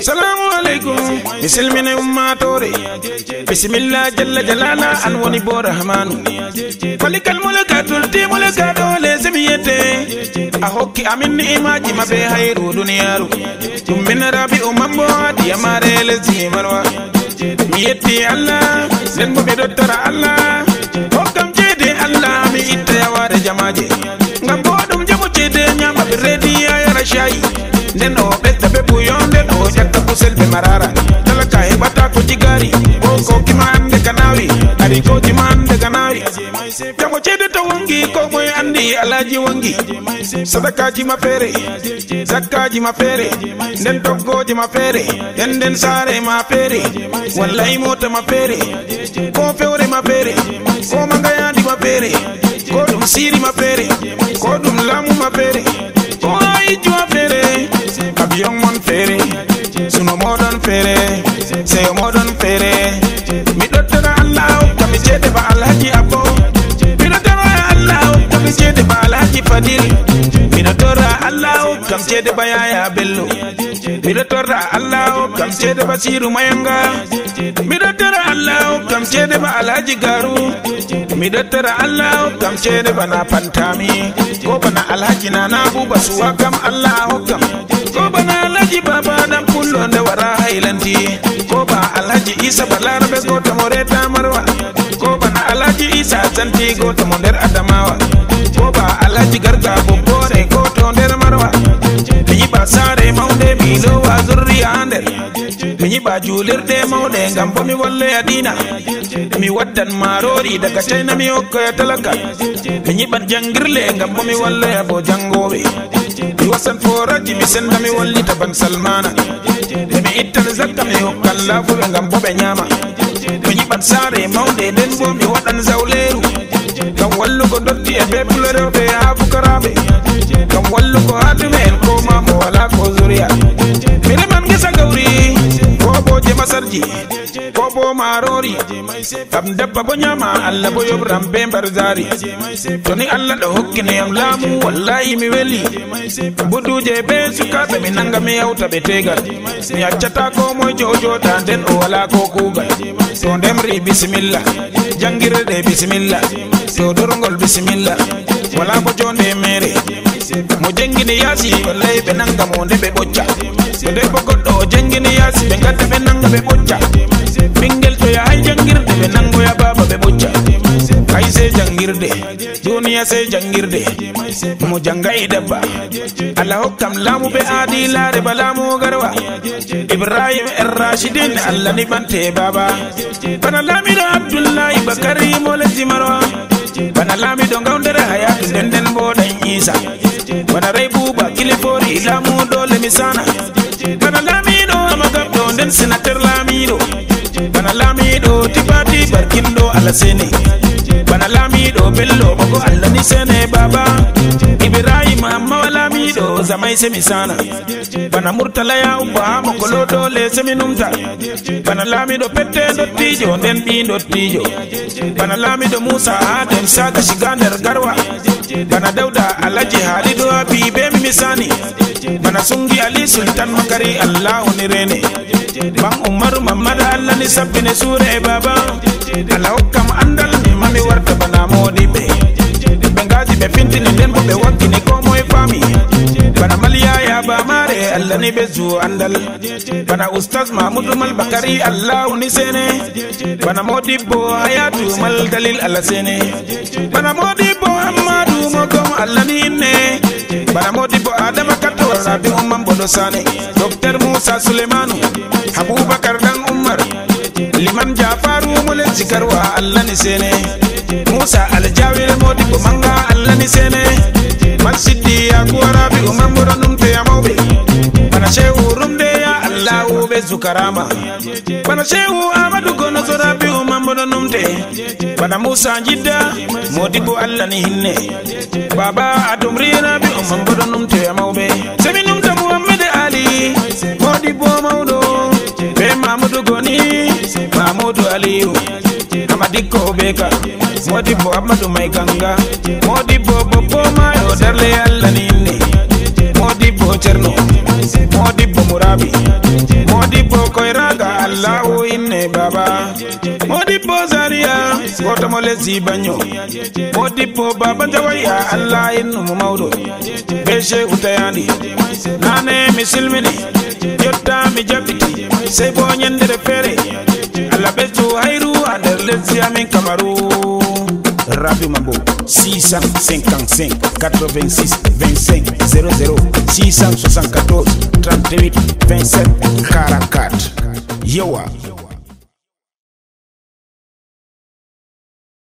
salamu aleykum mi ummatore bisimilla jalla jalala an woni bo rahmanu falikal mulka tulti mulka ɗo lesimi yette a hokki amin ni'imaji maɓe hayru duniyaru ɗum min rabi umambo diyamare lesdi marwa mi yetti allah nden bo mi dottara allah hokkam ceede allah mi itta yaware jamaje ngam bo ɗum jamu ceede ñamaɓe redi a yara shayi o ɓe marara talaka hebata kuchigari boko kimande kanawi ariko kimande kanawi chamo chede to wangi komwe andi alaji wangi sadakaji mafere zakaji mafere nden toggoji mafere nden nden sare mafere wallahi mota mafere ko fewre mafere ko mangayadi mafere ko dum siri mafere ko dum lamu mafere ko ayi juwa ki fadil mina torra allahu kamce da bayaya bello mina torra kam ce da basiru mayanga mina torra kam ce da ba alhaji garu mina torra kam ce da bana fantami ko bana alhaji na na buba suwa kam allahu kam ko bana alhaji baba dan kullon da wara hailanti ko ba alhaji isa balarabe ko tamore marwa ko bana alhaji isa zanti ko nder adamawa ko ba alaji garga bobore goto nder marwa mi yiɓa sare mawde mi lowa zorri ha nder mi yiɓa julirde mawɗe gam bo mi walle a dina mi waddan marori daga caina mi hokkaya talakal mi yiɓan jangirle gam bo mi walle a bo jangoɓe mi wasan foraji mi senda mi wallita ban salmana emi ittan zakka mi hokkan lafuɓe gam bo ɓe ñama mi yiɓan sare mawde nden bo mi waɗan zawleru wallu ko dotti e ɓe pulo rewɓe ha fukaraɓe gam wallu ko hadume en ko mamo wala ko zuriya mineman gesa gawri ko boje masarji ko bo marori kam debba bo ñama allah bo yoɓram be mbar zari toni allah ɗo hokkine yam laamu wallahi mi weli buduje ɓe sukaɓe mi nanga mi yawta ɓe tegal mi accata ko moyjo o joɗa nden o wala ko kugal to ndemri bisimilla jangguirɗe bisimilla sodorgol bisimilla wala ko jonde mere mo jangini yaasi wallay ɓe nanga mo nde ɓe ɓocca to debbo goɗɗo o jangini yaasi ɓe gadda ɓe nanga ɓe ɓocca ɓinguel to yahay jangirde ɓe nangoya baba ɓe ɓocca hay sey jangirde duniya sey jangirde mo jangayi dabba allah hokkam laamu ɓe aadi laare ba laamugarwa ibrahim en rachidin allah ni ɓante baba bana laamiɗo abdoullahi bakari mo lesdi marwa bana lami don gaundare haya denden bo dan isa bana rai buba kilifori lamu dole misana bana lami do amagab do den sinatar lami do bana lami do tipati barkin do alasene bana lami do bello bago allani sene baba ma mawala mi do zamai se mi sana bana murtala ya umba mo kolo do le se mi numta bana lami do pette do tijo den bi do tijo bana lami do musa den saka shigandar garwa bana dauda alaji halido abi be mi misani bana sungi ali sultan makari allah ni rene ban umar mamada allah ni sure baba allah allah ni be zu andal bana ustaz mahmudu mal bakari allah ni sene bana modibo hayatu mal dalil allah sene bana modibo amadu mogom allah ni ne bana modibo Adamakatul katto rabi umman bodo sane docteur musa sulemanu abubakar dan umar liman jafaru mule wa allah ni sene musa al aljawil modibo manga allah ni sene masjidi akuwa rabi umman bodo yezu karama bana shehu amadu kono sora biu numte bana musa jidda modibo allah ni hinne baba atumrina rabi o mamboɗo numte a mawɓe semi numta muhammede ali modibo mawɗo be mamadou goni mamadou aliyu amadikko ɓe ka modibo amadou may kanga modibo bobbo mayo darle allah ni hinne modibo cerno modibo murabi modibo koiraga allahu inne baba modibo zaria gotomo lesi banyo modibo baba jawaya allah innumo mawɗo be cheikhu nane mi Yota jotta mi jaɓɓiti sey bo ñandere feere allah ɓesdu hayru ha nder lesdi kamaru rabi mambo 655 86 5 00 664 38 7 44 يو